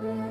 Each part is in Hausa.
Música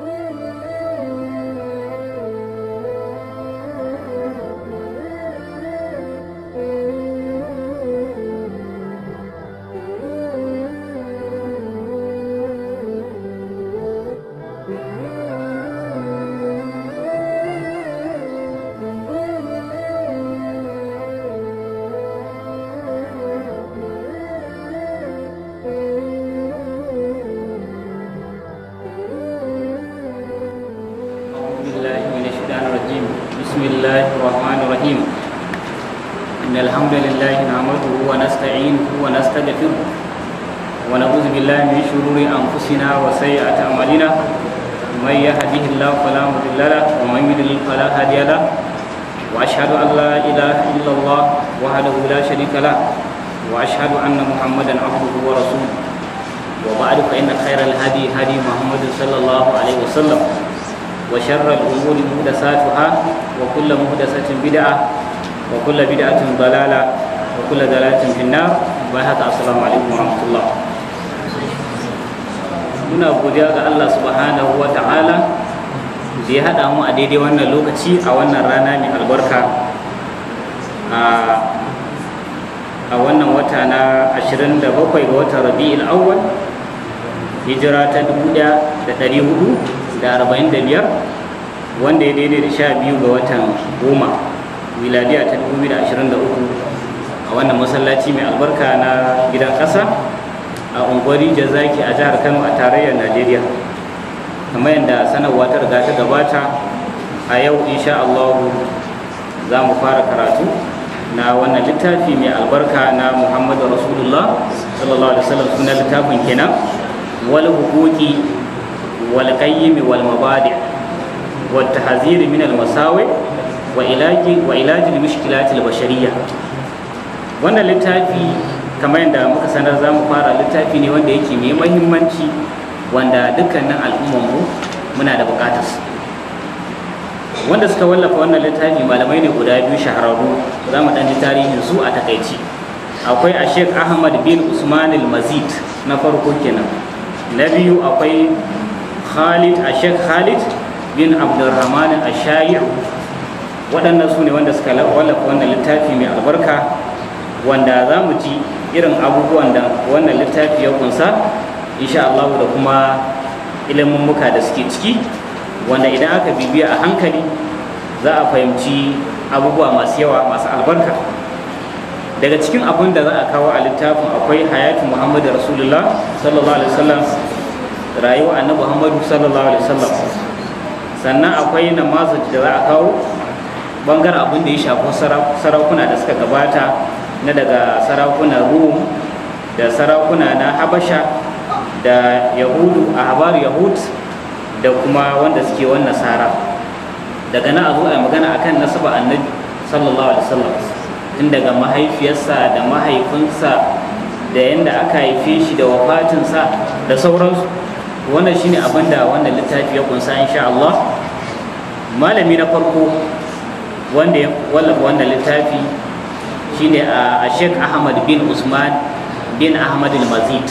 ci a wannan rana mai albarka a wannan wata na 27 ga watan rabi'ul awwal hijira ta 1445 wanda ya daidai da sha biyu ga watan goma miladiya ta 2023 a wannan masallaci mai albarka na gidan ƙasa a unguwari jazaki a jihar kano a tarayyar najeriya kamar yadda sanarwa ta riga ta gabata a yau insha Allah za mu fara karatu na wannan littafi mai albarka na Muhammadu Rasulullah sallallahu alaihi wasallam suna littafin kenan wal huquqi wal qayyim wal mabadi wa tahzir min al masawi wa ilaji wa ilaji al mushkilat al bashariyya wannan littafi kamar yadda muka sanar za mu fara littafi ne wanda yake mai mahimmanci wanda dukkanin mu muna da bukatarsa wanda suka wallafa wannan littafi malamai ne guda biyu shahararru za mu ɗan ji tarihin su a takaici akwai a shek ahmad bin usman al-mazid na farko kenan na biyu akwai khalid a shek khalid bin abdulrahman al-shayi waɗannan su ne wanda suka wallafa wannan littafi mai albarka wanda za mu ji irin abubuwan da wannan littafi ya kunsa insha Allah da kuma ilimin muka da suke ciki wanda idan aka bibiya a hankali za a fahimci abubuwa masu yawa masu albarka daga cikin abin da za a kawo a littafin akwai hayatu muhammadu rasulullah sallallahu alaihi wasallam rayuwa annabi muhammadu sallallahu alaihi wasallam sannan akwai namazin da za a kawo bangar abin da ya shafi sarakuna da suka gabata na daga sarakunan rum da sarakuna na habasha da yahudu a habar yahud da kuma wanda suke wannan sara daga nan abu a magana akan nasaba annabi sallallahu alaihi wasallam tun daga mahaifiyarsa da mahaifinsa da yadda aka haife shi da wafatinsa da sauransu wannan shine abin da wannan littafi ya kunsa insha Allah malami na farko wanda ya wallafa wannan littafi shine a ah, Sheikh Ahmad bin Usman bin Ahmad al-Mazid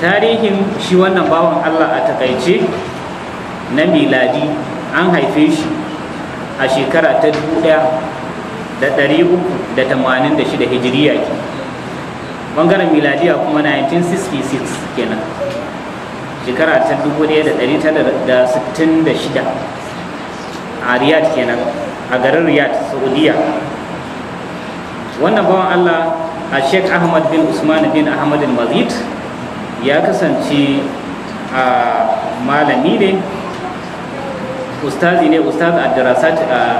tarihin shi wannan bawan Allah a takaice na miladi an haife shi a shekara ta shida hijiriya ke ɓangaren miladiya kuma 1966 kenan shekara ta 1966 a Riyad kenan a garin Riyad saudiya wannan bawan Allah a sheikh ahmad bin usman bin ahmad al-mazid ya kasance a malami ne ustazi ne ustaz a darasat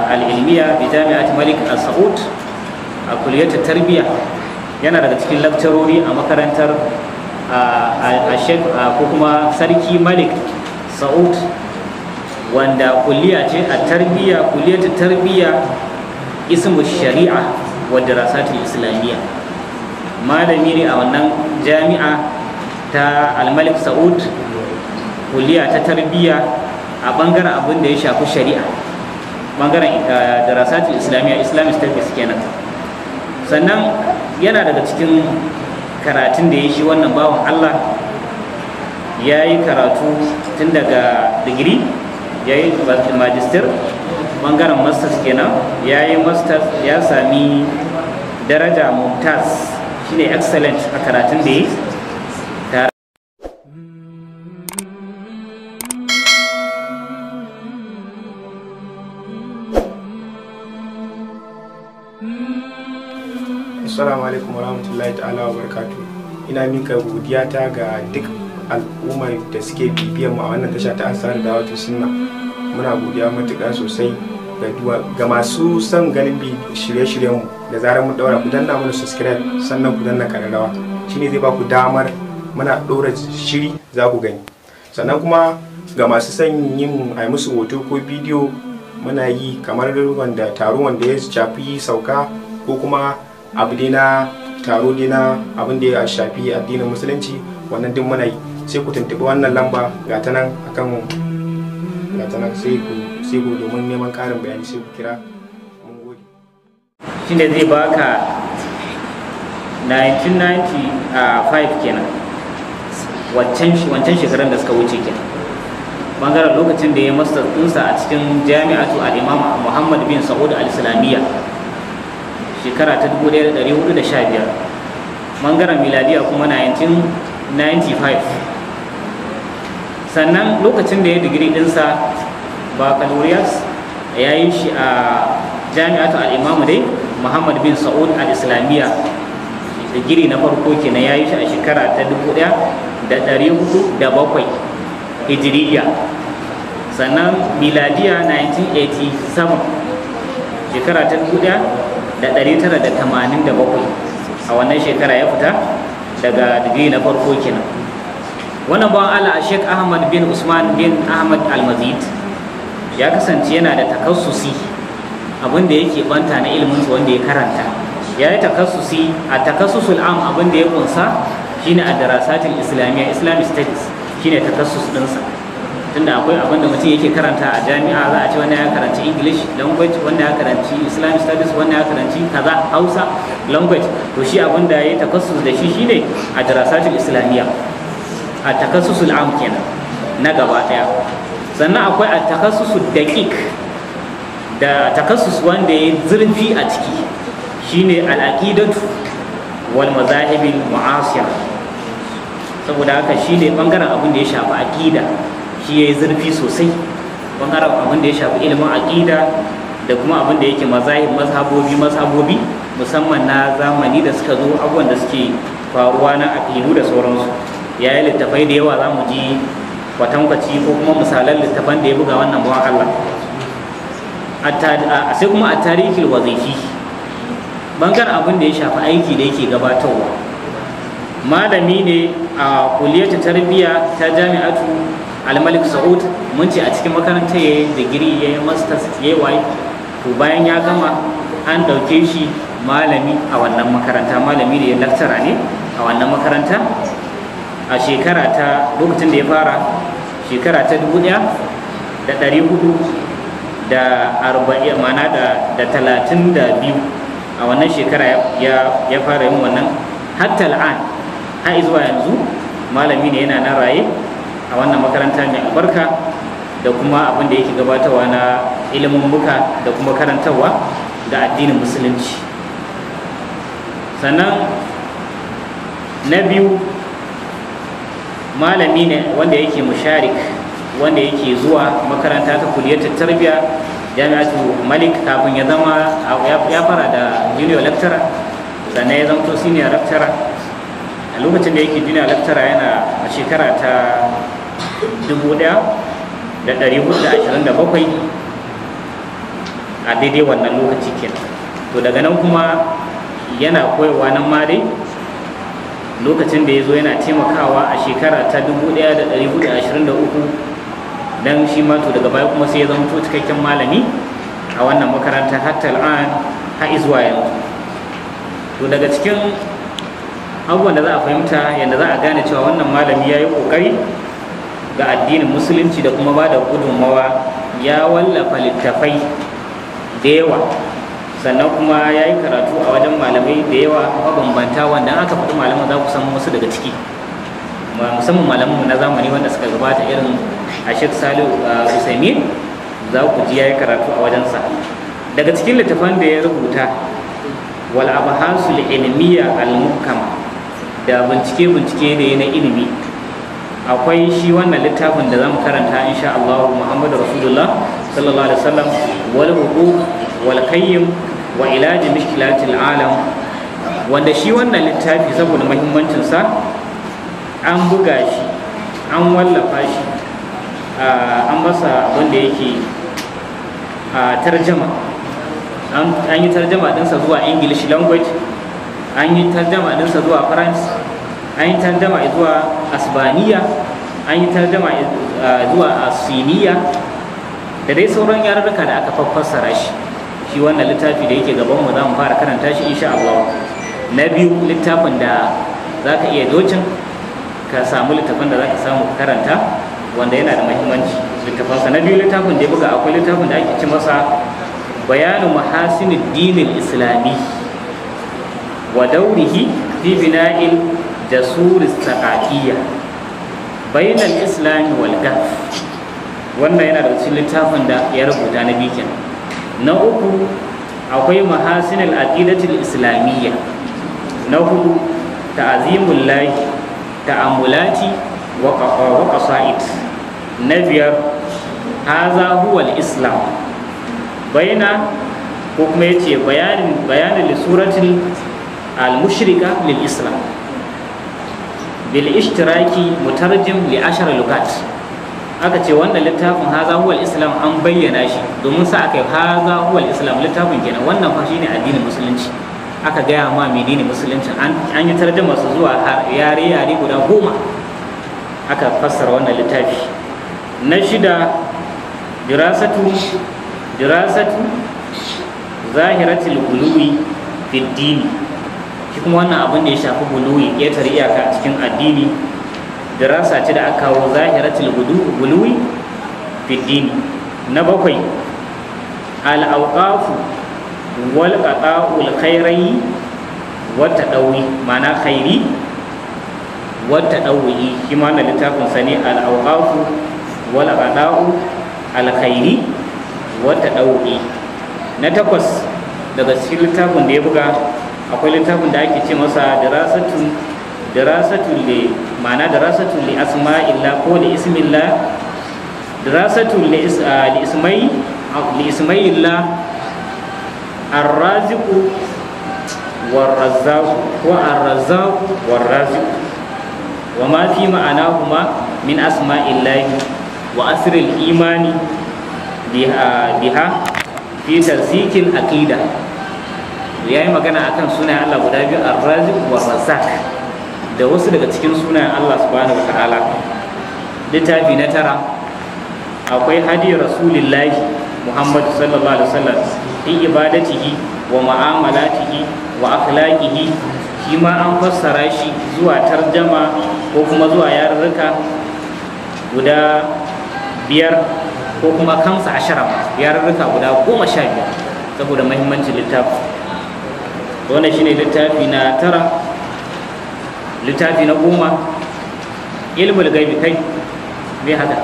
al'ilmiya bi jami'at malik a saud a kuliyatar tarbiyya yana daga cikin lakcarori a makarantar a shek ko kuma sarki malik saud wanda kuliya ce a tarbiyya kuliyatar tarbiyya ismu shari'a wa darasatul islamiyya malami ne a wannan jami'a ta almalik sa'ud kuliya ta tarbiyya a bangaren abin da ya shafi shari'a bangaren eh, darasatin islamiyya islamic studies kenan sannan yana daga cikin karatun da ya shi wannan bawan allah ya yi karatu tun daga digiri ya yi majistir bangaren masters kenan ya yi masters ya sami daraja mumtaz shine excellent a karatun da ya assalamu alaikum warahmatullahi ta'ala wa barkatu ina minka godiya ta ga duk al'ummar da suke bibiyar mu a wannan tasha ta ansar da wato sunna muna godiya matuƙa sosai ga masu son ganin bi shirye-shiryen mu da zarar mun daura ku danna mana subscribe sannan ku danna kararrawa shine zai ba ku damar muna ɗora shiri za ku gani sannan kuma ga masu son yin a musu hoto ko bidiyo muna yi kamar wanda taro wanda ya shafi sauka ko kuma abu dai na taro dai na abin da ya shafi addinin musulunci wannan duk muna yi sai ku tuntuɓi wannan lamba ga ta nan akan ga ta nan sai ku sai ku domin neman ƙarin bayani sai ku kira mun gode ne zai baka 1995 kenan wancan shekaran da suka wuce kenan bangaren lokacin da ya masa tunsa a cikin jami'atu al-imam muhammad bin sa'ud al-islamiyya shekara ta 1415 mangaren miladiya kuma 1995 sannan lokacin da ya digiri dinsa baccalaureus ya yi shi a jami'atu al'imamu dai muhammad bin sa'ud al-islamiyya digiri na farko kenan ya yi shi a shekara ta 1407 hijiriya sannan miladiya 1987 shekara ta da ɗari tara da da tamanin bakwai a wannan shekara ya fita daga digiri na farko kenan wannan bawan Allah Sheikh Ahmad bin Usman bin Ahmad Al-Mazid ya kasance yana da takassusi abin da yake banta na ilimin wanda ya karanta ya yi takassusi a takassusul am abin da ya kunsa shine a darasatul islamiyya islamic studies shine takassus ɗinsa tunda akwai abin da mutum yake karanta a jami'a za a ce wanda ya karanci english language wanda ya karanci islamic studies wanda ya karanci kaza hausa language to shi abin da ya takassus da shi shine a darasatul islamiyya a takassusul am kenan na gaba daya sannan akwai a takassusul daqiq da takassus wanda ya zurfi a ciki shine al-aqidatu wal mazahibil mu'asira saboda haka shine bangaren abin da ya shafi aqida shi ya yi zurfi sosai ɓangaren abin da ya shafi ilimin aƙida da kuma abin da yake mazahin mazhabobi mazhabobi musamman na zamani da suka zo abubuwan da suke faruwa na aƙidu da sauransu ya yi littafai da yawa za mu ji kwatankwaci ko kuma misalan littafan da ya buga wannan bawan Allah sai kuma a tarihin wazifi ɓangaren abin da ya shafi aiki da yake gabatarwa malami ne a kuliyar tarbiyya ta jami'atu almalik sa'ud mun ce a cikin makaranta ya yi digiri ya yi masters ya yi to bayan ya gama an ɗauke shi malami a wannan makaranta malami da ya lakcara ne a wannan makaranta a shekara ta lokacin da ya fara shekara ta dubu ɗaya da ɗari hudu da arba'in mana da talatin da biyu a wannan shekara ya fara yin wannan hatta al'an har zuwa yanzu malami ne yana nan raye a wannan makaranta mai albarka da kuma abin da yake gabatarwa na ilimin buka, da kuma karantarwa da addinin musulunci sannan na biyu malami ne wanda yake musharik wanda yake zuwa makaranta ta kuliyar tarbiyya jami'atu malik kafin ya zama ya fara da junior lecturer sannan ya zamto senior lecturer a lokacin da yake junior lecturer yana a shekara ta dubu ɗaya da ɗari hudu da ashirin da bakwai a daidai wannan lokaci kenan to daga nan kuma yana koyarwa nan ma dai lokacin da ya zo yana taimakawa a shekara ta dubu ɗaya da ɗari hudu da ashirin da uku dan shi ma to daga baya kuma sai ya zama cikakken malami a wannan makaranta hatal an har zuwa yanzu to daga cikin abubuwan da za a fahimta yadda za a gane cewa wannan malami ya yi ƙoƙari ga addinin musulunci da kuma ba da gudunmawa ya wallafa littafai da yawa sannan kuma ya yi karatu a wajen malamai da yawa mabambanta wanda aka faɗi malaman za ku san wasu daga ciki musamman malaman na zamani wanda suka gabata irin a shek salu uh, usaimin za ku ji ya yi karatu a wajensa daga cikin littafan da ya rubuta wal abahasul ilmiya al da bincike bincike da na ilimi akwai shi wannan littafin da zamu karanta insha Allah Muhammadu Rasulullah sallallahu alaihi wasallam wal huquq wal qayyim wa ilaji mishkilatil alam wanda shi wannan littafi saboda muhimmancin sa an buga shi an wallafa shi an masa wanda yake tarjama an yi tarjama dinsa zuwa English language an yi tarjama dinsa zuwa French. an yi tarjama zuwa asbaniya an yi tarjama eh, zuwa asiniya da dai sauran yarurruka da aka fassara shi shi wannan littafi da yake gaban mu za mu fara karanta shi insha Allah na biyu littafin da za ka iya docin ka samu littafin da za ka samu karanta wanda yana da muhimmanci littafansa na biyu littafin da ya buga akwai littafin da ake ci masa bayanu mahasinin dinin islami wa daurihi fi bina'il da suris taƙaƙiyya bainal islami wal gaf wannan yana da cikin littafin da ya rubuta na bikin na uku akwai mahasinal aqidatul islamiyya na hudu ta'azimul lahi ta'amulati wa qasaid na biyar haza huwa islam baina ko kuma yace bayanin bayanin suratul al-mushrika lil islam bil ishtiraki mutarjim li ashar lugat aka ce wannan littafin haza huwal islam an bayyana shi domin sa aka yi haza huwal islam littafin kenan wannan fa shine addinin musulunci aka gaya ma menene musulunci an yi tarjuma su zuwa yare yare guda goma aka fassara wannan littafi na shida dirasatu dirasatu zahiratul qulubi fi dini shi kuma wannan abin da ya shafi ya ƙetare iyaka a cikin addini dirasa ce da aka kawo zahiratul buluwi fi dini na bakwai al-awqafu wal qata'ul khairai wa tadawi ma'ana khairi wa tadawi shi ma na littafin sa ne al-awqafu wal qata'u al khairi wa tadawi na takwas daga cikin littafin da ya buga akwai littafin da ake ce masa darasatun darasatun li ma'ana darasatun li asma'illah ko li ismillah darasatun li ismai ah, li ismaillah ar-raziq war-razzaq wa ar war-raziq wa ma fi ma'ana kuma min asma'illah wa asirin imani biha fi tarsikin aqida ya yi magana a kan sunayen Allah guda biyu a arrazik wa razak da wasu daga cikin sunayen Allah su bani wa ta'ala littafi na tara akwai hadi rasulillahi muhammadu sallallahu alaihi wasallam fi ibadatihi wa ma'amalatihi wa akhlaqihi shi ma an fassara shi zuwa tarjama ko kuma zuwa yarurruka guda biyar ko kuma kamsa ashara yarurruka guda goma sha biyar saboda muhimmancin littafi wannan shine littafi na tara littafi na goma ilmul gaibi kai me haka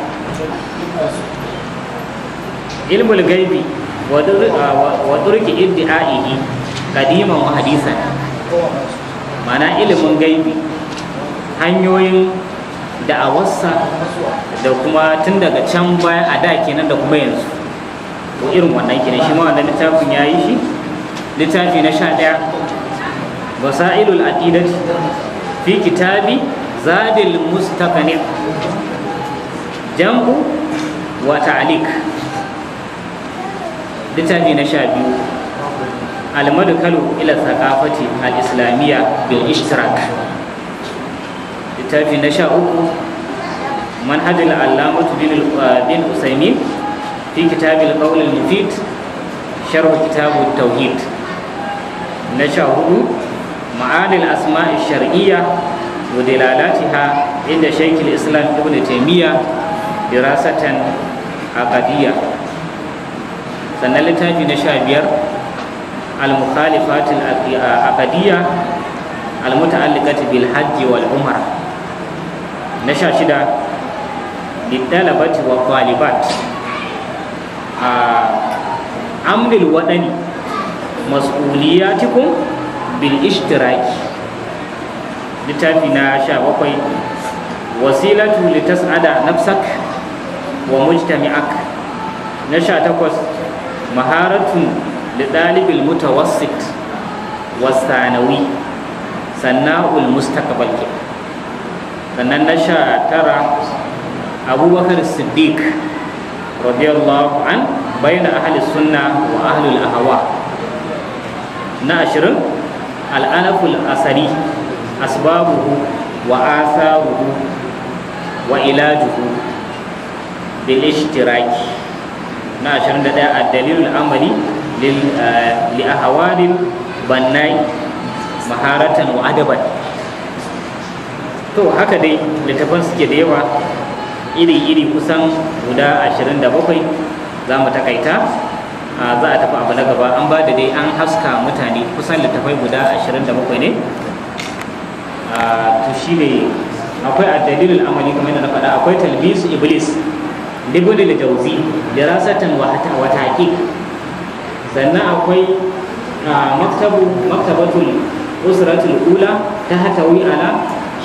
ilmul gaibi wa turki iddi'aihi qadiman wa hadisan ma'ana ilmun gaibi hanyoyin da wasa da kuma tun daga can baya a da kenan da kuma yanzu ko irin wannan kenan shi ma wannan littafin ya yi shi littafi na sha ɗaya basailul aqidati fi kitabi zadil mustaqani jambu wa ta'liq littafi na sha biyu almadkalu ila thaqafati al-islamiyya bil ishtirak littafi na sha uku manhajul allamatu bin usaimin fi kitabil qawl al-mufid sharh kitab at-tauhid na sha hudu ma'anin asma'i shar'iyya wa dalalatiha inda shaykh islam ibn taymiya dirasatan aqadiyya sannan littafi na sha biyar al-mukhalifatul aqadiyya al-muta'alliqati bil hajji wal umra na sha shida lidalabati wa talibat a amril wadani mas'uliyatikum bil ishtiraki littafi na sha bakwai wasilatu litas'ada nafsak wa mujtami'ak na sha takwas maharatun lidalibil mutawassit wasanawi sanna'ul mustaqbal sannan na sha tara abubakar siddiq radiyallahu an bayan ahli sunna wa ahlul ahawa na ashirin al'anaful asari asbabuhu wa asaruhu wa ilajuhu bil ishtiraki na 21 ad-dalilul amali eh, li ahwadil bannai maharatan wa adaban to haka dai littafan suke da yawa iri-iri kusan guda 27 za mu takaita za a tafi abu na gaba an ba da dai an haska mutane kusan littafai guda 27 ne to shi ne akwai dalilin amali kamar yadda na faɗa akwai talbisu iblis libni da jauzi da rasatan wata wata sannan akwai maktabu maktabatul usratul ula ta hatawi ala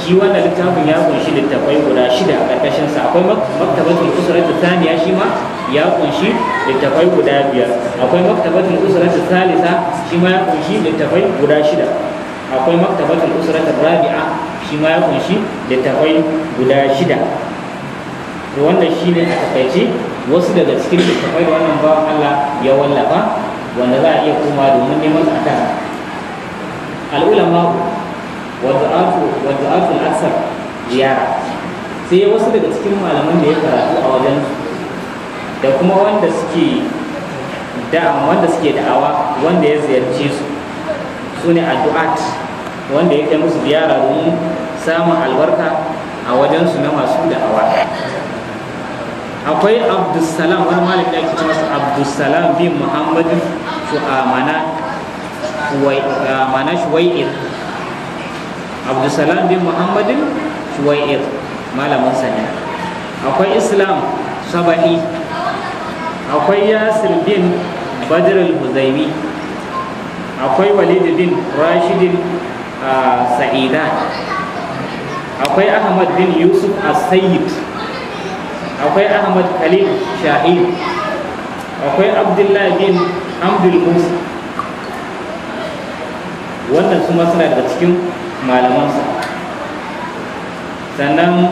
shi wannan littafin ya kunshi littafai guda shida a ƙarƙashin sa akwai maktabatul usratu thaniya shi ma ya kunshi littafai guda biyar akwai maktabatul usratu salisa shi ma ya kunshi littafai guda shida akwai maktabatul usratu rabi'a shi ma ya kunshi littafai guda shida to wannan shine a takaice wasu daga cikin littafai da wannan bawan Allah ya wallafa wanda za a iya koma domin neman tsada al'ulama wadda afin aksar ziyara sai wasu daga cikin malaman da ya karatu a wajen da kuma wanda suke da'awa wanda suke da'awa wanda ya ziyarce su su ne addu'at wanda ya kai musu ziyara domin samun albarka a wajensu na masu da'awa akwai abdussalam wani masa abdussalam bin muhammadin amana shuwai'ir abdulsalam bin muhammadin shuwai'ir malamin sanya akwai islam saba'i akwai yasir bin badr huzaimi akwai walid bin rashidin ah, sa'ida akwai ahmad bin yusuf as-sayyid akwai ahmad khalil shahid akwai abdullahi bin abdul musa wannan suna daga cikin malamansa sannan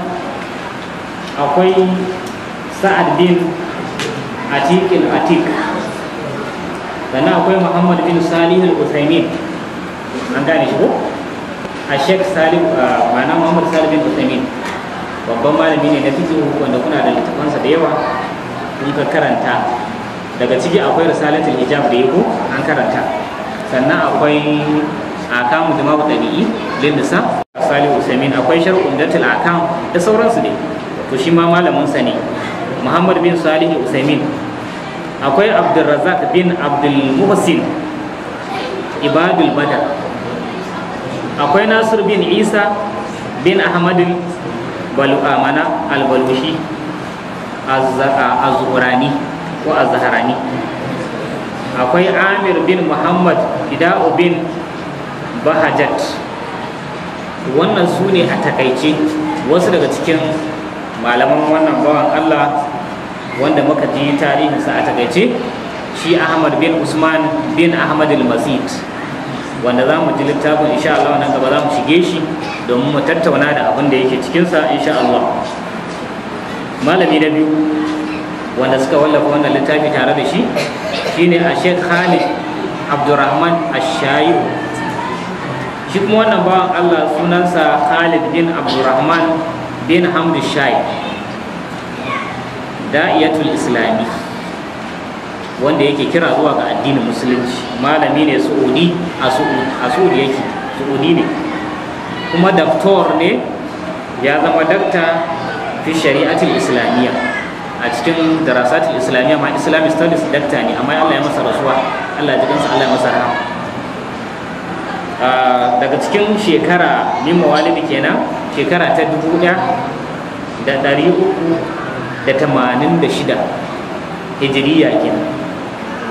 akwai sa'ad bin atik atik sannan akwai muhammad bin salih al-usaimin an gane shi ko a sheikh salim ma'ana muhammad salih bin usaimin babban malami ne na fiti wanda kuna da littafansa da yawa kun ka karanta daga ciki akwai risalatul ijab da yiko an karanta sannan akwai akamu da tabi'i lin salihu usaimin akwai sharhun datul akam da sauransu ne to shi ma malamin sa ne muhammad bin salihu usaimin akwai abdulrazak bin abdul muhsin ibadul badar akwai nasir bin isa bin ahmadul balu'amana albalushi azurani ko azharani akwai amir bin muhammad ida'u bin bahajat wannan su ne a takaice wasu daga cikin malaman wannan bawan allah wanda muka ji tarihinsa a takaice shi ahmad bin usman bin ahmad al-masid wanda za mu ji littafin insha Allah nan gaba za mu shige shi domin mu tattauna da abin da yake cikinsa insha Allah malami na biyu wanda suka wallafa wannan littafi tare da shi shine a Sheikh Khalid Abdurrahman Ash-Shayi shi kuma wannan bawan Allah sunansa Khalid bin Abdurrahman bin Hamdu Shai da'iyatul islami wanda yake kira zuwa ga addinin musulunci malami ne su'udi a su'udi yake su'udi ne kuma daktor ne ya zama dakta fi shari'atul islamiyya a cikin darasatul islamiyya ma islamic studies dakta ne amma Allah ya masa rasuwa Allah ya jikansa Allah ya masa rahama Ah, daga cikin shekara min mawalidi kenan shekara ta dubu ɗaya da ɗari uku da tamanin da shida hijiriya kenan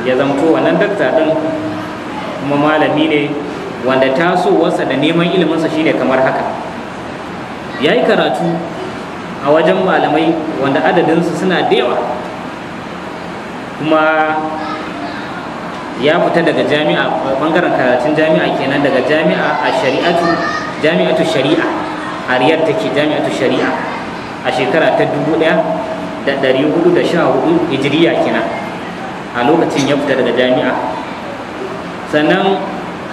ya zamto wannan dakta ɗin kuma malami ne wanda tasowarsa da neman iliminsa shine kamar haka ya yi karatu a wajen malamai wanda adadinsu suna da yawa kuma ya fita daga jami'a bangaren karatun jami'a kenan daga jami'a a shari'atu jami'atu shari'a a riyar take jami'atu shari'a a shekara ta dubu ɗaya da da ɗari sha 1414 hijiriya kenan a lokacin ya fita daga jami'a sannan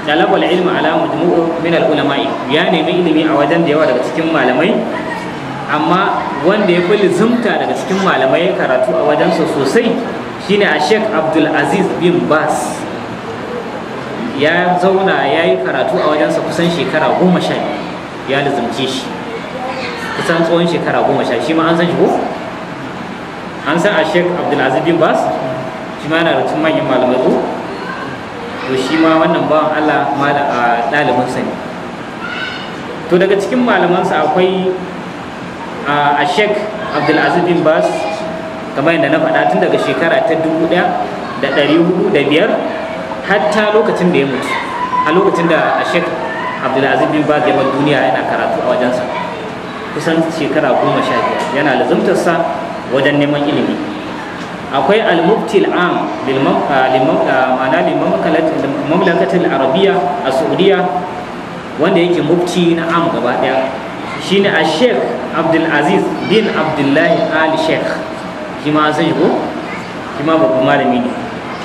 talabal ilmi ala majmu'u min al ulama'i ya nemi ilimi a wajen da yawa daga cikin malamai amma wanda ya fi lizumta daga cikin malamai karatu a wajensa sosai shine a sheik aziz bin bas ya zauna ya yi karatu a wajensa kusan shekara goma sha ya lizumce shi kusan tsohon shekara goma sha shi ma an san shi ko an san a sheik aziz bin bas shi ma yana da tun manyan malamai ko to shi ma wannan bawan allah mala a sa ne to daga cikin malamansa akwai a sheik aziz bin bas kamar yadda na faɗa tun daga shekara ta dubu ɗaya da ɗari hudu da biyar hatta lokacin da ya mutu a lokacin da a shek abdulaziz bin baz ya bar duniya yana karatu a wajensa kusan shekara goma sha biyar yana lazumtarsa wajen neman ilimi akwai al-mufti al-am ma'ana mamlakatul arabiya a saudiya wanda yake mufti na am gaba ɗaya shine a sheikh abdulaziz bin abdullahi al sheikh shi ma zai go shi ma babban malami ne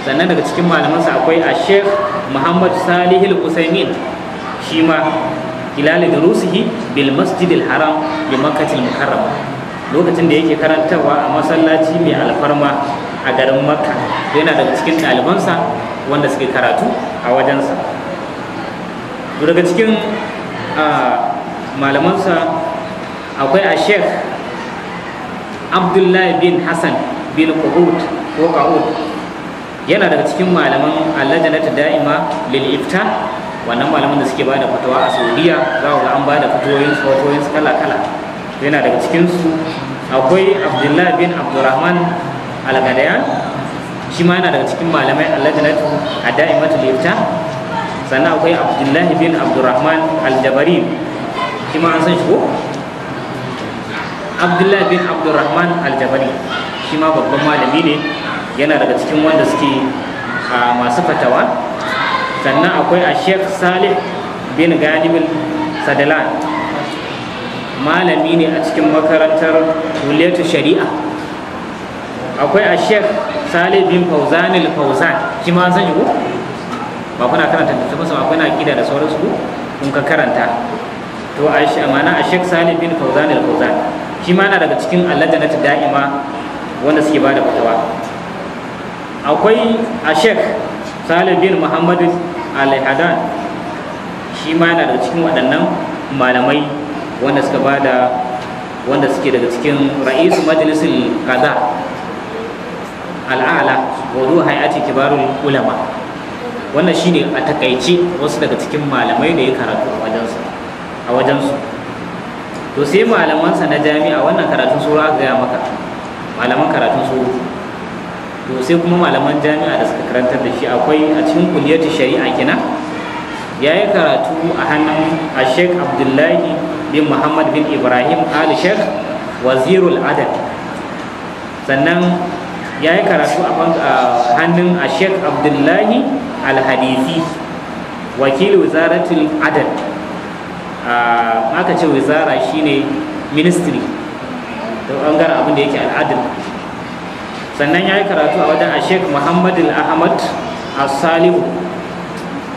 sannan daga cikin malamansa akwai a sheikh muhammad salih al-usaimin shi ma hilal da rusihi bil masjidil haram bi makkatil mukarrama lokacin da yake karantarwa a masallaci mai alfarma a garin makka yana daga cikin ɗalibansa wanda suke karatu a wajensa daga cikin ah, malamansa akwai a sheikh abdullahi bin hassan bin qud ko qud yana daga cikin malaman allajanatu da'ima lil ifta wannan malaman da suke bada fatawa a saudiya za ga an bada fatawoyin fatawoyin kala kala yana daga cikin su akwai abdullahi bin abdurrahman al-gadayan shi ma yana daga cikin malamai allajanatu a Da'ima lil ifta sannan akwai abdullahi bin abdurrahman al-jabari shi ma an san shi ko abdullahi bin abdurrahman aljabari shi ma babban malami ne yana daga cikin wanda suke masu fatawa sannan akwai a sheikh salih bin ganibin sadalan malami ne a cikin makarantar kuletu shari'a akwai a sheikh salih bin fauzanil fauzan shi ma zan yi ba kuna karanta da tabbasa ba kuna kida da sauransu kun ka karanta to a shi amana a sheikh salih bin fauzanil fauzan shi ma na daga cikin allajanatu da'ima wanda suke ba da fatawa akwai a sheikh salim bin muhammad al-hadan shi ma na daga cikin waɗannan malamai wanda suka ba da wanda suke daga cikin ra'isu majalisun kaza al'ala wazo hayati kibarul ulama wannan shine a takaice wasu daga cikin malamai da ya karatu a wajensu to sai malamansa na jami'a wannan karatun su aka gaya maka malaman karatun su, to sai kuma malaman jami'a da suka karantar da shi akwai a cikin kuliyar shari'a kina ya yi karatu a hannun a sheikh abdullahi bin muhammad bin ibrahim al sheikh wazirul adal sannan ya yi karatu a hannun a sheikh abdullahi al hadisi wakil wazaratul adad Ah, aka ce wizara shine ministry da bangaren abin da yake al'adun sannan ya yi karatu a wajen a sheik muhammadu ahmad Salihu.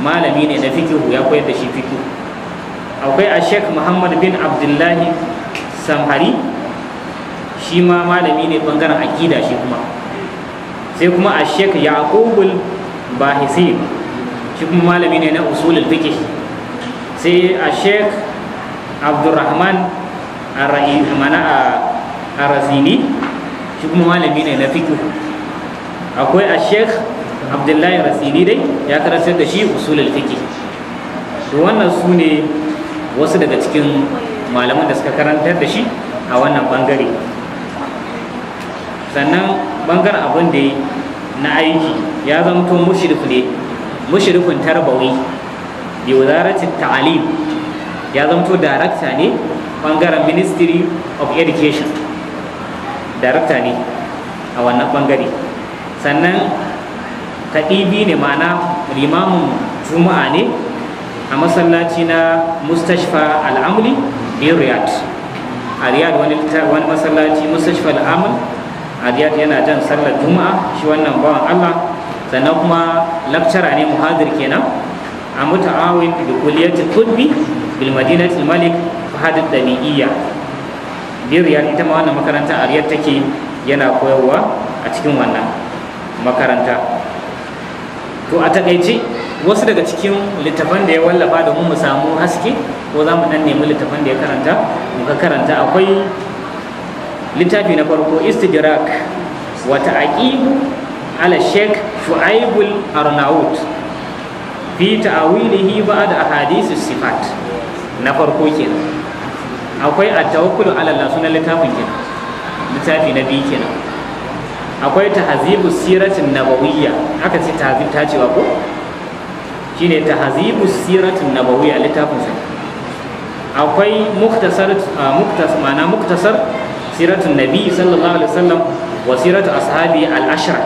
malami ne na fikihu ya koyar da shi fikihu akwai a sheik muhammad bin abdullahi samhari shi ma malami ne bangaren akida shi kuma sai kuma a sheik yaqubul bahisi shi kuma malami ne na usulul fikihi sai a ah, sheikh abdurrahman mana a ah, razini shi kuma malami ne na fikihu akwai a ah, sheikh abdullahi razini dai ya karantar da shi usulul fiqh to wannan su ne wasu daga cikin malaman da suka karantar da shi a wannan bangare sannan bangaren abin da na aiki ya zamto mushrifu ne mushrifin tarbawi bi wazaratin ta'alim ya zamto darakta ne bangaren ministry of education darakta ne a wannan bangare sannan kadibi ne ma'ana limamin juma'a ne a masallaci na mustashfa al'amuli bin riyad a riyad wani masallaci mustashfa al'amul a riyad yana jan sallar juma'a shi wannan bawan allah sannan kuma lakcara ne muhadir kenan a muta'awin bi kulliyati tibbi bil madinati malik fahad dabi'iyya bi riyad ita ma wannan makaranta a take yana koyarwa a cikin wannan makaranta to a takaice wasu daga cikin littafan da ya wallafa domin mu samu haske ko za mu dan nemi littafan da ya karanta ka karanta akwai littafi na farko istidrak wata aqibu ala sheikh Fuaibul arnaut fi ta'awilihi ba'd ahadith sifat na farko kenan akwai at-tawakkul ala Allah sunan littafin kenan littafi na biyu kenan akwai tahzibu siratin nabawiyya aka ce tahzib ta cewa ko shine tahzibu siratin nabawiyya littafin sa akwai muktasar ah, muktas ma'ana muktasar siratin nabi sallallahu alaihi wasallam wa siratu ashabi al-ashra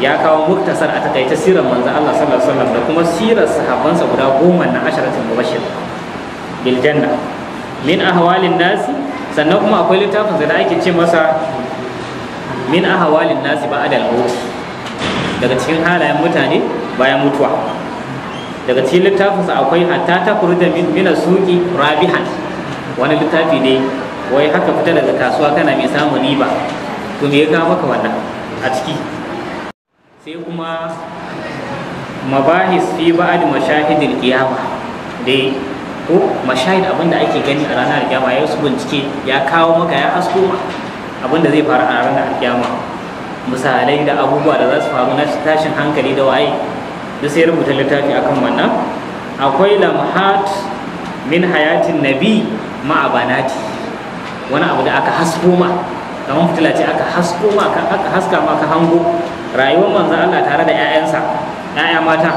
ya kawo muktasar a takaice sirar manzo Allah sallallahu alaihi da kuma sirar sahabbansa guda goma na asharatul mubashir bil janna min ahwalin nasi sannan kuma akwai littafin da ake ce masa min ahwalin nasi ba'da al-maut daga cikin halayen mutane bayan mutuwa daga cikin littafinsa akwai hatta ta kurda min suki rabihan wani littafi ne wai haka fita daga kasuwa kana mai samun riba to me ya ga maka wannan a ciki sai kuma mabahis fi ba'ad mashahidin kiyama dai ko mashahid abin ake gani a ranar kiyama ya su bincike ya kawo maka ya hasko abin zai faru a ranar kiyama misalai da abubuwa da za su faru na tashin hankali da waye da sai rubuta littafi akan wannan akwai lamhat min hayatin nabi ma'abanati wani abu da aka hasko ma kamar fitila ce aka hasko ma aka haska ma ka hango rayuwar manzan Allah tare da 'ya'yansa 'ya'ya mata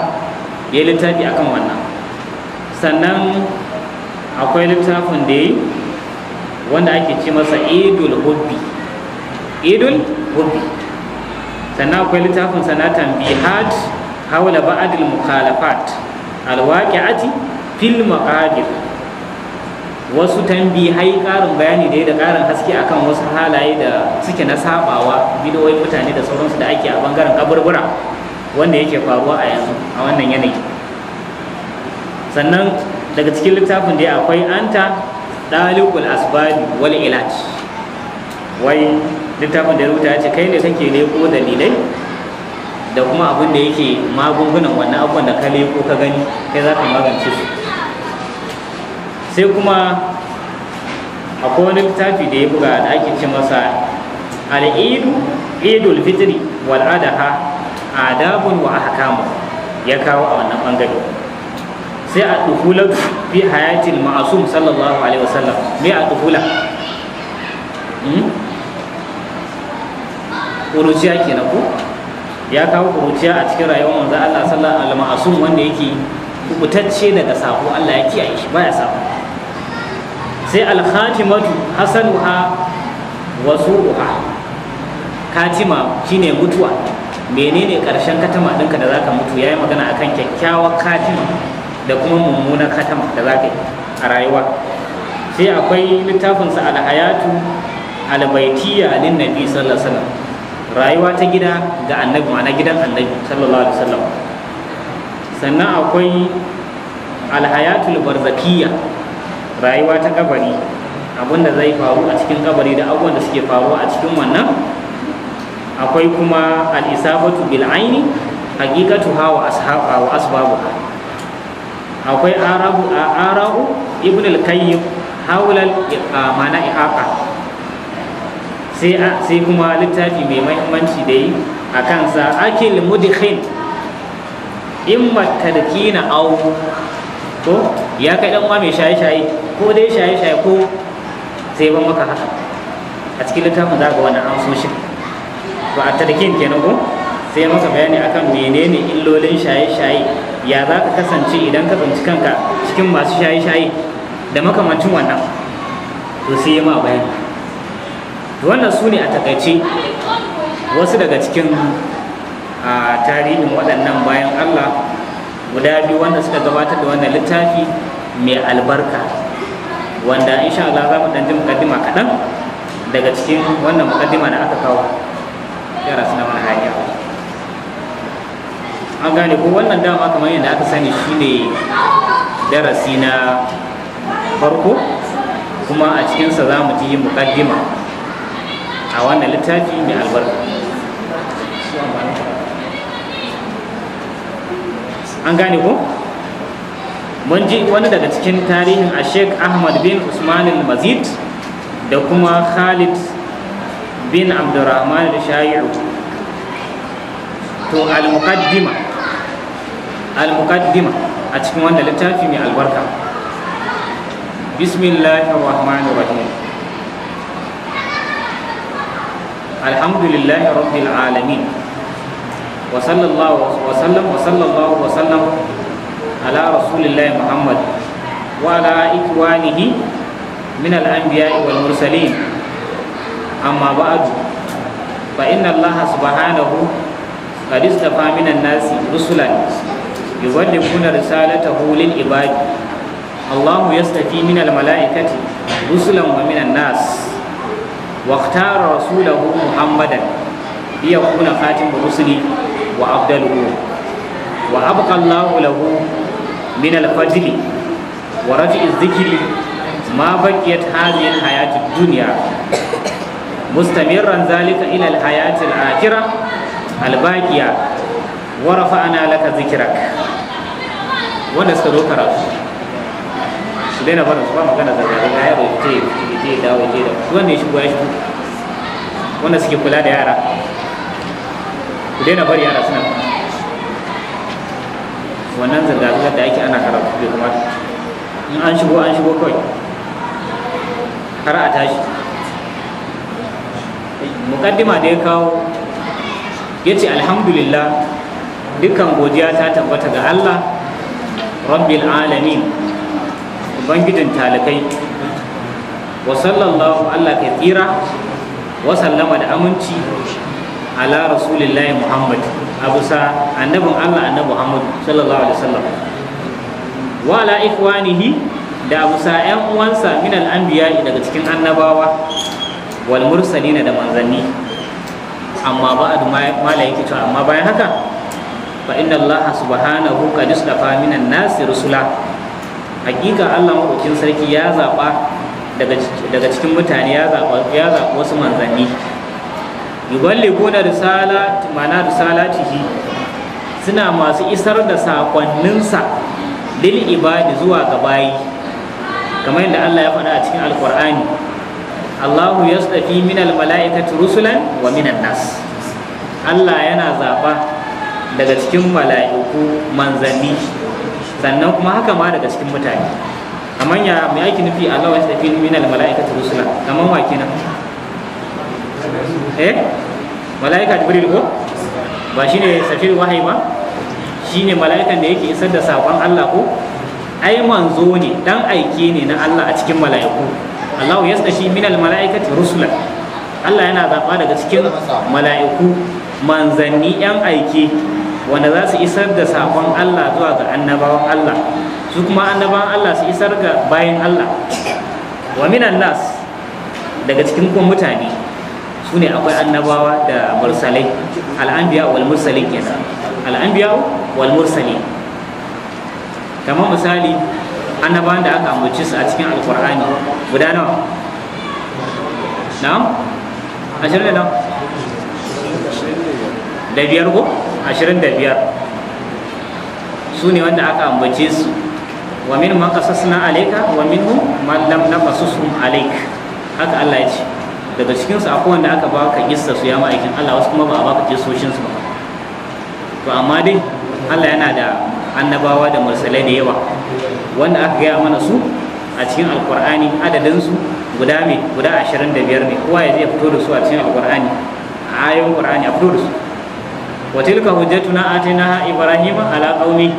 ya littafi akan wannan sannan akwai littafin da yi wanda ake ce masa idul hubbi idul hubbi sannan akwai littafin sanatan bihat hawla ba'adil mukhalafat alwaqi'ati fil maqadir wasu tambi tambihai karin bayani da da karin haske akan wasu halaye da suke na sabawa bidoyi mutane da sauransu da ake a bangaren kaburbura wanda yake faruwa a yanzu a wannan yanayi sannan daga cikin littafin da akwai anta dalibul asbali wal ilaj wai littafin da rubuta ce kai ne kake leko dalilai da kuma abin da yake magungunan wannan abubuwan da ka leko ka gani kai za ka magance su sai kuma akwai wani littafi da ya buga da ake ce masa al'idu idul fitri wal adaha adabun wa ahkamu ya kawo a wannan bangare sai a duhula fi hayatil ma'asum sallallahu alaihi wasallam me a duhula kuruciya hmm? kenan ko ya kawo kuruciya a cikin rayuwar manzo Allah sallallahu alaihi wasallam wanda yake kubutacce daga sako Allah ya kiyaye shi baya sako sai alhatimatu hasanuha wa su'uha katima shine mutuwa menene karshen katama ɗinka da zaka mutu yayi magana akan kyakkyawar katima da kuma mummunar katama da zaka yi a rayuwa sai akwai littafinsa alhayatu albaitiya lin nabi sallallahu alaihi wasallam rayuwa ta gida ga annabi ma'ana gidan annabi sallallahu alaihi wasallam sannan akwai alhayatul barzakiya rayuwa ta kabari abin da zai faru a cikin kabari da abubuwan da suke faruwa a cikin wannan akwai kuma al'isabatu bil aini Hakikatu, Hawa, ashaba wa akwai arabu ara'u ibn al-qayyim hawla ma'ana ihaqa sai sai kuma littafi mai muhimmanci da a kansa akil mudkhin imma tadkina aw to ya kai dan uwa mai shaye-shaye ko dai shaye-shaye ko sai ban maka haka a cikin littafin za ga wani amsoshin to a tarkin kenan ko sai maka bayani akan menene illolin shaye-shaye ya za ka kasance idan ka tsinci kanka cikin masu shaye-shaye da makamancin wannan to sai ya ma bayani wannan su ne a takaice wasu daga cikin a tarihin waɗannan bayan Allah guda biyu wanda suka gabatar da wannan littafi mai albarka wanda insha Allah za mu ɗan ji mukaddima kaɗan daga cikin wannan mukaddima da aka kawo yara suna mana hanya an gane ko wannan dama kamar yadda aka sani shi ne darasi na farko kuma a cikinsa za mu ji mukaddima a wannan littafi mai albarka an gane ko? mun ji wani daga cikin tarihin a sheikh ahmad bin usman al-mazid da kuma khalid bin abdurrahman al-shayi'u to al-muqaddima al-muqaddima a cikin wanda littafi mai albarka bismillahir rahmanir rahim alhamdulillahi rabbil alamin wa sallallahu wa sallam wa sallallahu wa sallam ala rasulillahi muhammad wa ala ikwanihi min al-anbiya'i wal mursalin amma ba'du fa inna allaha subhanahu qad istafa min an-nasi rusulan yuballighuna risalatahu lil ibad الله يستفي من الملائكة رسلا ومن الناس واختار رسوله محمدا ليكون خاتم الرسل وأفضله وأبقى الله له Minal al-fajr wa raj'i dhikri ma baqiyat hadhihi al-hayat ad-dunya mustamirran zalika ila al-hayat al wanda suka zo karatu su daina barin su ba magana da daga ya ce ya ce ya dawo ya shigo ya shigo wanda suke kula da yara ku daina bari yara suna wannan zirga-zirgar da ake ana karatu bai kamata in an shigo an shigo kawai har a tashi mukaddima da ya kawo ya ce alhamdulillah dukkan godiya ta tabbata ga Allah rabbil alamin ubangijin talakai wa sallallahu Allah ka tsira wa sallama da aminci ala rasulillahi muhammad a annabin Allah annabi Muhammad sallallahu alaihi wasallam wa ala ikhwanihi da abusa ƴan uwansa min al-anbiya daga cikin annabawa wal mursalina da manzanni amma ba'd ma la yake cewa amma bayan haka fa inna Allah subhanahu qad istafa minan nasi rusula hakika Allah madaukin sarki ya zaba daga cikin mutane ya zaba wasu manzanni yuballiguna na mana risalatihi suna masu isar da sakonninsa lil ibadi zuwa ga bayi kamar yadda Allah ya faɗa a cikin alkur'ani Allahu yasdafi min mala'ikati rusulan wa minan nas Allah yana zaba daga cikin mala'iku manzanni sannan kuma haka ma daga cikin mutane amma ya mai aiki nufi Allah yasdafi min mala'ikati rusulan kamar wa kenan eh mala'ika jibril ko ba shine safir wahayi ba shine mala'ikan da yake isar da sakon Allah ko ai manzo ne dan aike ne na Allah a cikin mala'iku Allah ya tsashi minal mala'ikati rusula Allah yana zaba daga cikin mala'iku manzanni yan aike wanda za su isar da sakon Allah zuwa ga annabawan Allah su kuma annabawan Allah su isar ga bayan Allah wa minan nas daga cikin kuma mutane su ne akwai annabawa da mursalai al'anbiya wal mursalin kenan al'anbiya wal mursalin kamar misali annabawan da aka ambaci su a cikin alkur'ani guda nawa na'am ashirin da nawa da biyar ko ashirin da biyar su ne wanda aka ambace su wa min ma qasasna alayka wa minhum man lam naqasusum alayk haka Allah ya ce daga cikinsu akwai wanda aka ba ka kissa su ya ma'aikin Allah wasu kuma ba a ba ka su ba to amma dai Allah yana da annabawa da mursalai da yawa wanda aka gaya mana su a cikin alkur'ani adadin su guda me guda 25 ne kowa ya zai fito da su a cikin alkur'ani a ayon qur'ani a fito da su wa tilka hujjatuna atinaha ibrahima ala qaumi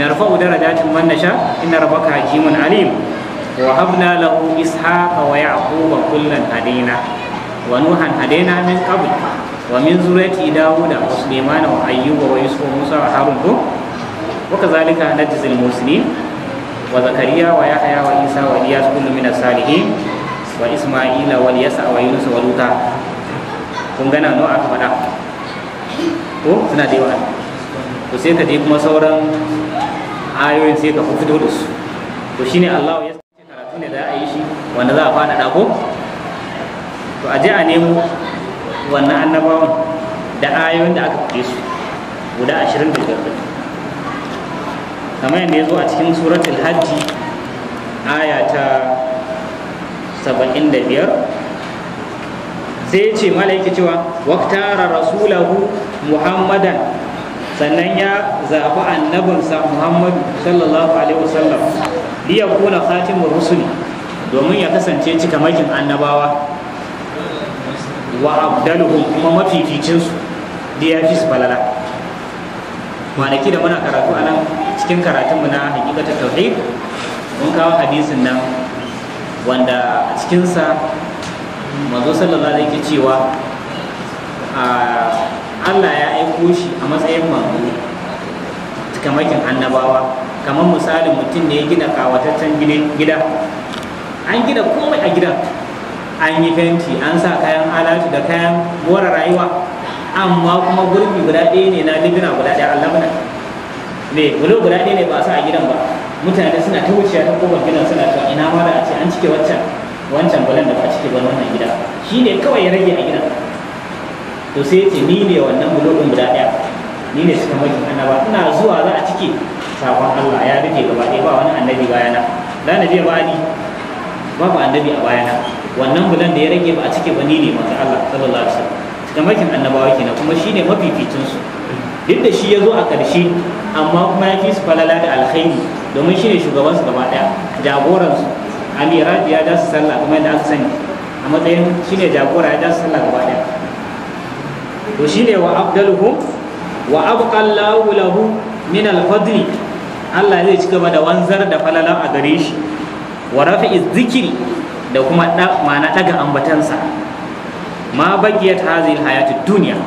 narfa'u darajatin man nasha inna rabbaka hakimun alim وهبنا له إسحاق ويعقوب كلا هدينا ونوحا هدينا من قبل ومن ذرية داود وسليمان وأيوب ويوسف وموسى وهارون وكذلك نجزي المرسلين وزكريا ويحيى وعيسى والياس كل من الصالحين وإسماعيل واليسع ويونس ولوطا kun gana nawa aka faɗa ko suna da yawa to sai ka je kuma sauran ayoyin sai ka fito da su to shine Allah ya ne za a yi shi wanda za a fada ko to a je a nemo wannan annabawan da ayoyin da aka faɗe su guda ashirin da biyar kamar yadda ya zo a cikin suratul hajji aya ta 75 da biyar sai ya ce malaiki cewa waktara rasulahu muhammadan sannan ya zaɓi annabinsa muhammadu sallallahu alaihi wasallam iya kuna khatimur rusuli domin ya kasance cika makin annabawa wa abdaluhum kuma mafificinsu da ya fi su falala kwanaki da muna karatu a nan cikin karatunmu na hakikatar tauhid mun kawo hadisin nan wanda a cikinsa mazo sallallahu alaihi cewa Allah ya aiko shi a matsayin mamuni kamakin annabawa kamar misalin mutum ne ya gina kawataccen gida an gina komai a gidan an yi fenti an sa kayan alatu da kayan more rayuwa amma kuma gurbi guda ɗaya ne na libina guda ɗaya allamuna ne bulo guda ɗaya ne ba sa a gidan ba mutane suna ta wuciya ta kofar gidan suna ta ina mara da a ce an cike wancan wancan bulan da ba a cike ba wannan gida shi ne kawai ya rage a gidan to sai ce ni ne wannan bulogin guda ɗaya ni ne suka mafi annaba ina zuwa za a cike sakon Allah ya rike gaba ɗaya ba wani annabi bayana la nabi ba ni babu annabi a bayana wannan bulan da ya rage ba a cike ba ni ne manzo Allah sallallahu alaihi wasallam suka makin annabawa kenan kuma shine mafificin su duk da shi ya zo a ƙarshe amma kuma ya fi su falala da alkhairi domin shine shugaban su gaba ɗaya jagoran su amira ya da su sallah kuma yadda aka sani a matsayin shine jagora ya da su sallah gaba ɗaya to shine wa abdaluhum wa abqallahu lahu min al-fadli Allah zai ci gaba da wanzar da falala a gare shi wa rafi'i zikiri da kuma ma'ana daga ambatansa ma bagiyat hazil hayati duniya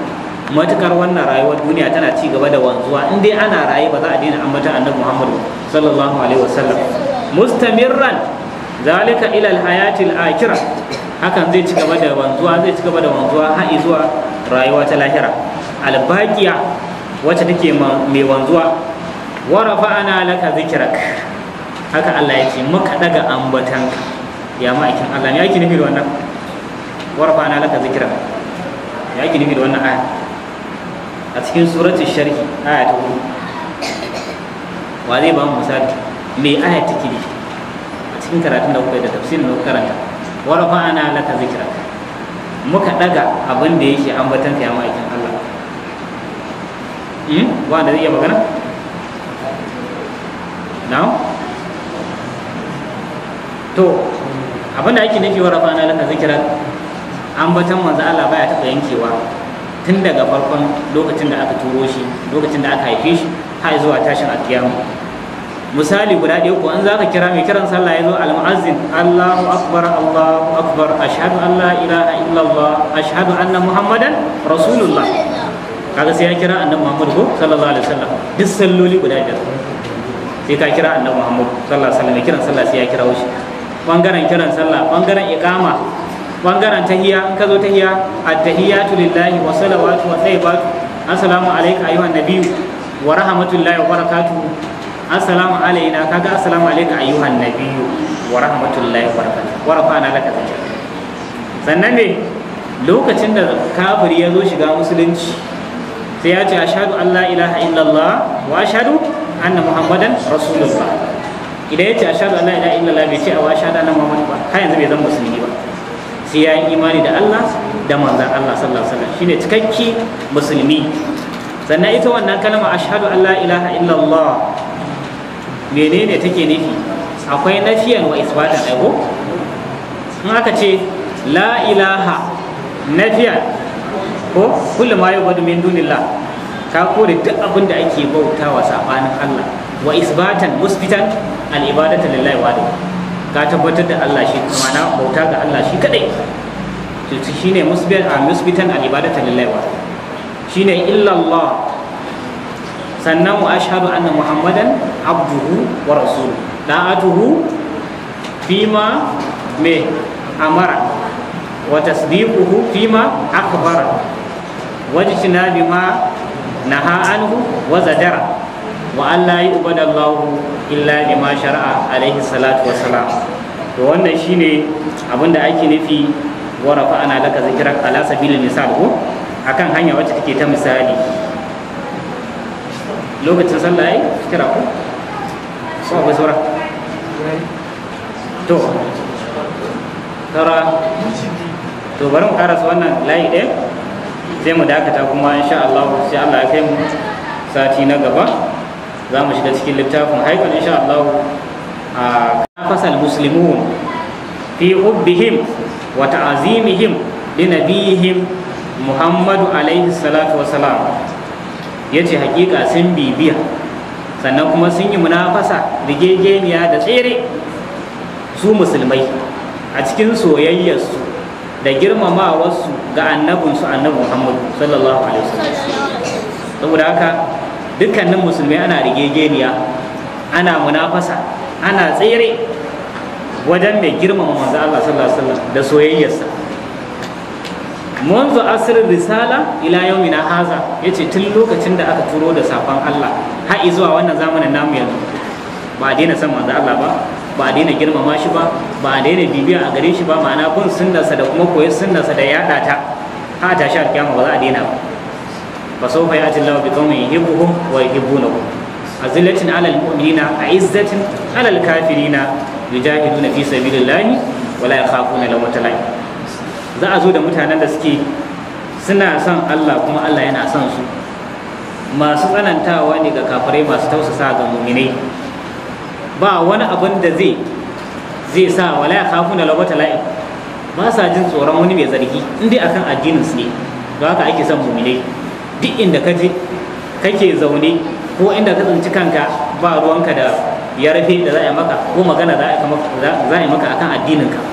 matukar wannan rayuwar duniya tana ci gaba da wanzuwa in dai ana raye ba za a daina ambata annabi Muhammad sallallahu alaihi wasallam mustamirran zalika ila al-hayatil akhirah hakan zai ci gaba da wanzuwa zai ci gaba da wanzuwa har zuwa rayuwa ta lahira albaqiya wacce take mai wanzuwa wa rafa'ana laka zikrak haka Allah ya ce muka daga ambatanka ya ma'aikin Allah ya yake nufi da wannan wa rafa'ana laka zikrak ya yake nufi da wannan aya a cikin suratul sharhi aya ta 4 wa zai ba mu misali me aya take nufi cikin karatun da kuka da tafsirin da kuka karanta wa rafa'ana laka zikraka muka daga abin da yake ambatan ka ya ma'aikin Allah in hmm? ba da iya magana now to abin da yake nufi wa rafa'ana laka zikraka ambatan manzo Allah baya taba yankewa tun daga farkon lokacin da aka turo shi lokacin da aka haife shi har zuwa tashin alkiyama misali guda ɗaya ko an za ka kira mai kiran sallah ya zo al-mu'azzin Allahu akbar Allahu akbar ashhadu an la ilaha illallah ashhadu anna muhammadan rasulullah kaga sai ya kira annabi muhammad ko sallallahu alaihi wasallam duk salloli guda biyar sai ka kira annabi muhammad sallallahu alaihi wasallam kiran sallah sai ya kira shi bangaren kiran sallah bangaren iqama bangaren tahiya in ka zo tahiya at-tahiyatu lillahi wa salawatu wa tayyibatu assalamu alayka ayuha nabiyyu wa rahmatullahi wa barakatuh assalamu alaina kaga assalamu alaika ayyuhan nabiyyu wa rahmatullahi wa barakatuh wa rafa'na laka dhikra sannan ne lokacin da kafiri ya zo shiga musulunci sai ya ce ashhadu an la ilaha illallah wa ashhadu anna muhammadan rasulullah idan ya ce ashhadu an la ilaha illallah bai ce a wa ashhadu anna muhammadan ba har yanzu bai zama musulmi ba sai ya yi imani da Allah da manzan Allah sallallahu alaihi wasallam shine cikakki musulmi sannan ita wannan kalma ashhadu an la ilaha illallah menene take nufi akwai nafiyan wa isbatan aiko in aka ce la ilaha nafiyan ko kullum ma yubadu min dunillah ka kore duk abin da ake bautawa sabanin Allah wa isbatan musbitan al-ibadatu lillahi wahdahu ka tabbatar da Allah shi ma'ana bauta ga Allah shi kadai to shine musbitan al-ibadatu lillahi Shi shine illallah sannan wa ashhadu anna muhammadan abduhu wa rasuluhu da'atuhu fima me amara wa tasdiquhu fima akbara wajtina bima naha anhu wa zadara wa Allah ya ubada Allah illa bima shar'a alaihi salatu wa wassalam to wannan shine abinda ake nufi wa rafa'ana laka zikrak ala sabilil misal ko akan hanya wacce take ta misali lokacin sallah kira ku ko akwai saura to to bari mu karasa wannan layi ɗaya sai mu dakata kuma insha Allah sai Allah ya kai mu sati na gaba za mu shiga cikin littafin haikal insha Allah a kafasal muslimun fi hubbihim wa ta'azimihim li nabiyihim Muhammadu alaihi salatu wa salam ya ce hakika sun bibiya sannan kuma sun yi munafasa gegeniya da tsere su musulmai a cikin soyayyarsu da girmamawarsu ga annabinsu annabi muhammadu sallallahu alaihi wasallam saboda haka dukkanin musulmai ana rigegeniya ana munafasa ana tsere wajen mai girmama manzo Allah sallallahu alaihi wasallam da soyayyarsa منذ أسر الرسالة إلى يومنا هذا يتي تلو كتند أكترو دا سافان الله ها إزوا وانا زامن النام يلو بعدين سمع دا الله با ba a daina girmama shi ba ba a daina bibiya a gare shi ba ma'ana bin sunnarsa da kuma koyi sa da yaɗa ta ha ta sha alƙiyama ba za a daina ba fa sawfa ya'ti Allahu bi qaumin yuhibbuhum wa yuhibbunahu azillatin 'alal mu'minina a'izzatin 'alal kafirina yujahiduna fi sabilillahi wa la yakhafuna lawmata la'im za a zo da mutanen da suke suna son Allah kuma Allah yana son su masu tsanantawa ne ga kafirai masu tausasa ga muminai ba wani abin da zai zai sa wala ya kafu na lawata la'in ba sa jin tsoron wani mai zargi in dai akan addinin su ne don haka ake son muminai duk inda ka je kake zaune ko inda ka tsinci kanka ba ruwanka da ya rufe da za a yi maka ko magana za a yi maka akan addinin addininka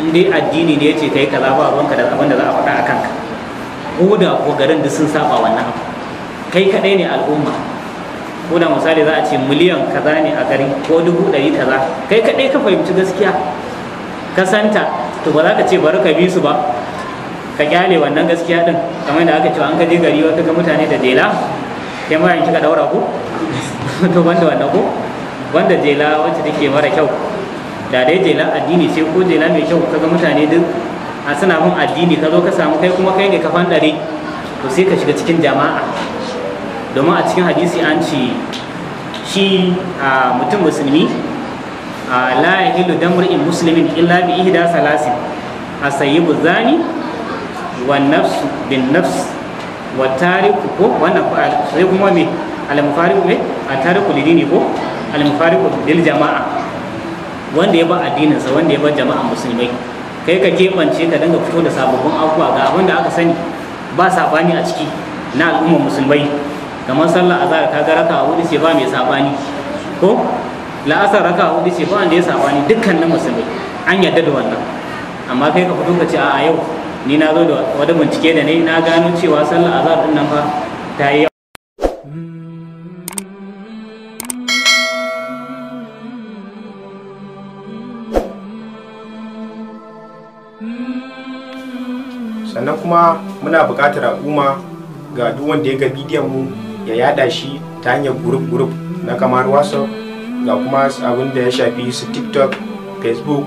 in dai addini ne yace yi kaza ba ruwanka da abin da za a faɗa a kanka ko da ko garin duk sun saba wannan abu kai kadai ne al'umma ko da misali za a ce miliyan kaza ne a gari ko dubu ɗari kaza kai kadai ka fahimci gaskiya ka santa to ba za ka ce bari ka bi su ba ka kyale wannan gaskiya din kamar da aka ce an ka je gari wata ga mutane da jela kai ma yanki ka daura ku to banda wannan ko wanda jela wacce take mara kyau da dai jela addini ce ko jela mai kyau kaga mutane duk a suna bin addini ka zo ka samu kai kuma kai ne ka fanɗare to sai ka shiga cikin jama'a domin a cikin hadisi an ce shi a mutum musulmi a la yahilu damrin muslimin illa bi ihda salasin asayyibu zani wa nafsu bin nafs wa tariku ko wannan sai kuma me al-mufariqu ne a tariku lidini ko al-mufariqu lil jama'a wanda ya ba addininsa wanda ya ba jama'an musulmai kai ka keɓance ka dinga fito da sababbin abubuwa ga abin da aka sani ba sabani a ciki na al'ummar musulmai kamar sallar azhar ka ga raka hudu ce ba mai sabani ko la'asar raka hudu ce ba wanda ya sabani dukkan na musulmai an yarda da wannan amma kai ka fito ka ce a yau ni na zo da wani bincike da ne na gano cewa sallar azhar din nan fa ta yi kuma muna buƙatar al'umma ga duk wanda ya ga bidiyon mu ya yada shi ta hanyar gurup gurup na kamar whatsapp ga kuma abin da ya shafi su tiktok facebook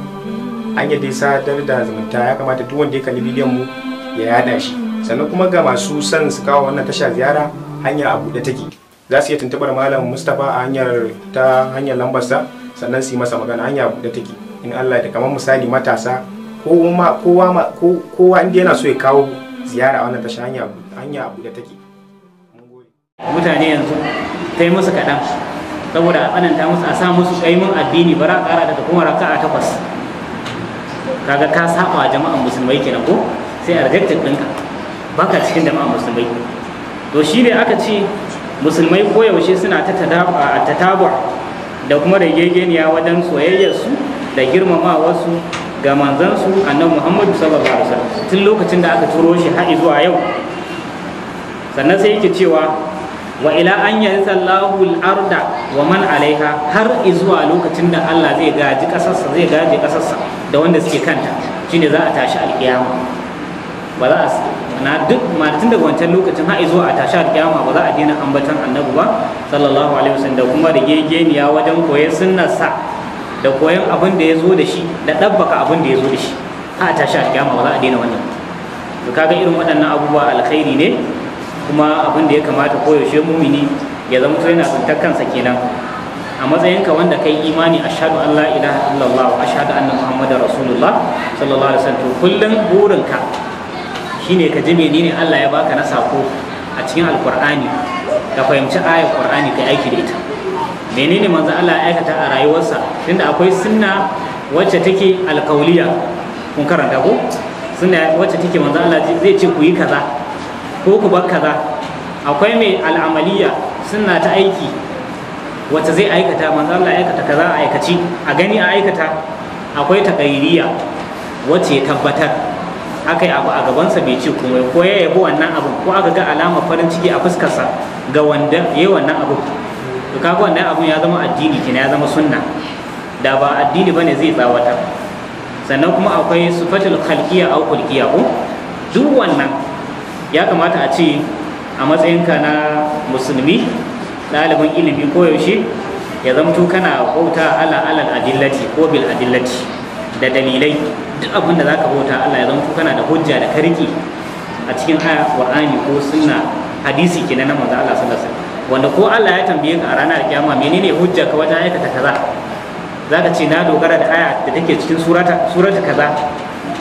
yi dai sadar da zumunta ya kamata duk wanda ya kalli bidiyon mu ya yada shi sannan kuma ga masu son su kawo wannan tasha ziyara hanya a buɗe take za su iya tuntubar malam mustapha a hanyar ta hanyar lambarsa sannan su yi masa magana hanya a buɗe take in allah da kamar misali matasa kowa inda yana so ya kawo ziyara a wannan tasha hanya abu da take mutane yanzu ta yi musu kaɗan saboda a ta musu a sa musu ƙaimin addini a ƙara daga kuma a takwas kaga ka saba jama'an musulmai kenan ko sai a rejected ɗinka baka cikin jama'an musulmai to shi ne aka ce musulmai koyaushe suna ta tatabu da kuma da wajen soyayyarsu da girmamawarsu ga manzansu annabi muhammadu sallallahu alaihi wasallam tun lokacin da aka turo shi har zuwa yau sannan sai yake cewa wa ila an yanzallahu al-arda wa man alaiha har zuwa lokacin da Allah zai gaji kasarsa zai gaji kasarsa da wanda suke kanta shine za a tashi alkiyama ba za a na duk tun daga wancan lokacin har zuwa a tashi alkiyama ba za a dena ambaton annabi ba sallallahu alaihi wasallam da kuma da ya wajen koyar sunnar sa da koyon abin da ya zo da shi da ɗabbaka abin da ya zo da shi a tashi alƙiyama ba za a daina wannan to kaga irin waɗannan abubuwa alkhairi ne kuma abin da ya kamata koyaushe mumini ya zama to yana tsintar kansa kenan a matsayinka wanda kai imani ashhadu an la ilaha illallah wa ashhadu anna muhammadar rasulullah sallallahu alaihi wasallam kullum burinka shine ka ji menene Allah ya baka na sako a cikin alqur'ani ka fahimci ayar qur'ani kai aiki da ita menene manzo Allah ya aikata a rayuwarsa tunda akwai sunna wacce take alkauliya kun karanta ko sunna wacce take manzo Allah zai ce ku yi kaza ko ku bar kaza akwai mai al'amaliya sunna ta aiki wacce zai aikata manzo Allah ya aikata kaza a aikaci a gani a aikata akwai taqayiriya wacce ya tabbatar aka yi abu a gabansa bai ce kuma ko ya yabo wannan abu ko aka ga alamar farin ciki a fuskarsa ga wanda ya yi wannan abu to ga wannan abun ya zama addini kina ya zama sunna da ba addini bane zai tsawatar sannan kuma akwai sifatul khalqiyya au kulqiyya ko duk wannan ya kamata a ce a matsayinka na musulmi ɗalibin ilimi ko yaushe ya zamto kana bauta ala alal adillati ko bil adillati da dalilai duk abin da zaka bauta Allah ya zamto kana da hujja da karki a cikin aya qur'ani ko sunna hadisi kenan na manzo Allah sallallahu alaihi wasallam wanda ko Allah ya tambaye ka a ranar kiyama menene hujja ka wajen aikata kaza zaka ce na dogara da aya da take cikin surata surata kaza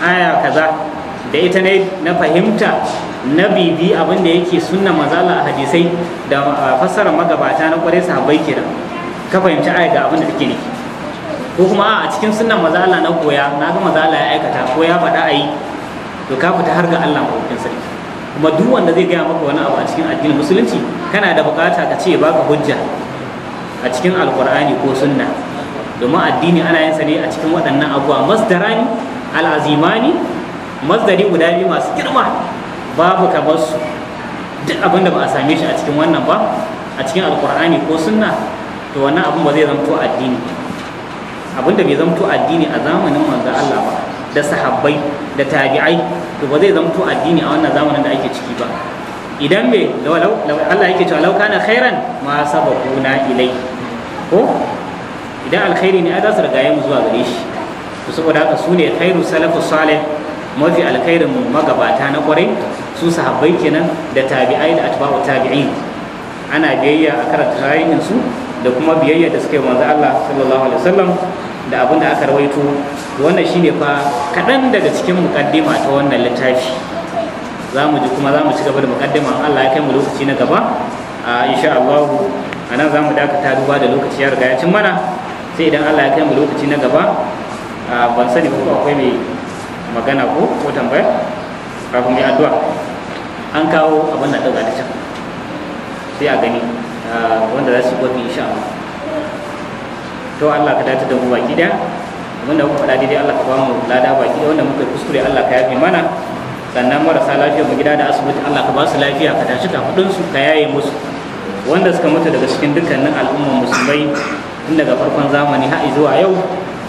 aya kaza da ita ne na fahimta na bibi abin da yake sunna mazala a hadisai da fassarar magabata na kwarai sahabbai kenan ka fahimci aya ga abin da take ne ko kuma a cikin sunnan mazala na koya na ga mazala ya aikata ko ya faɗa a yi to ka fita har ga Allah mabukin sarki kuma duk wanda zai gaya maka wani abu a cikin addinin musulunci kana da bukata ka ce baka hujja a cikin alkur'ani ko sunna domin addini ana yin sa ne a cikin waɗannan abubuwa masdarani al'azimani masdari guda biyu masu girma babu kamar su duk abinda ba a same shi a cikin wannan ba a cikin alkur'ani ko sunna to wannan abin ba zai zamto addini abinda bai zamto addini a zamanin manzo Allah ba da sahabbai da tabi'ai to ba zai zamto addini a wannan zamanin da ake ciki ba idan me Allah yake cewa law kana khairan ma na ilai ko idan alkhairi ne a za su rigaye mu zuwa gare shi to saboda haka su ne khairu salafu salih mafi alkhairin magabata na kwarai su sahabbai kenan da tabi'ai da atba'u tabi'in ana biyayya a karanta tarihin su da kuma biyayya da suka yi manzo Allah sallallahu alaihi wasallam da abin da aka rawaito wannan shine fa kaɗan daga cikin mukaddima ta wannan littafi za mu ji kuma za mu ci gaba da mukaddima Allah ya kai mu lokaci na gaba a insha Allah a nan za mu dakata duba da lokaci ya riga ya cin mana sai idan Allah ya kai mu lokaci na gaba a ban sani ko akwai mai magana ko ko tambaya kafin mai addu'a an kawo abin da ɗaga da can sai a gani wanda za su yi kwafi insha Allah to Allah ka dace da mu baki daya wanda muka faɗa daidai Allah ka ba mu lada baki da wanda muka kuskure Allah ka yafe mana sannan marasa lafiya mu gida da asibiti Allah ka ba su lafiya ka tashi kafudin su ka yaye musu wanda suka mutu daga cikin dukkanin al'umman musulmai tun daga farkon zamani har zuwa yau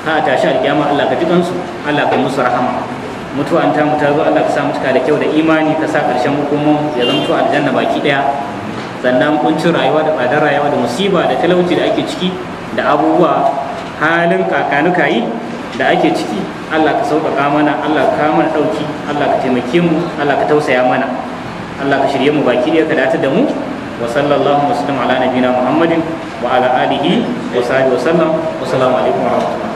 har a tashi alƙiyama Allah ka ji kansu Allah ka musu rahama mutuwa ta mu zo Allah ka sa mutuka da kyau da imani ka sa ƙarshen hukumu ya zamto aljanna baki daya sannan kuncin rayuwa da tsadar rayuwa da musiba da talauci da ake ciki da abubuwa halin kakanuka yi da ake ciki Allah ka sauƙaƙa mana Allah ka mana ɗauki Allah ka taimake mu Allah ka tausaya mana Allah ka shirye mu baki ɗaya ka dace da mu wa sallallahu wa sallam ala nabiyina Muhammadin wa ala alihi wa sahbihi wa sallam wa assalamu alaikum wa rahmatullahi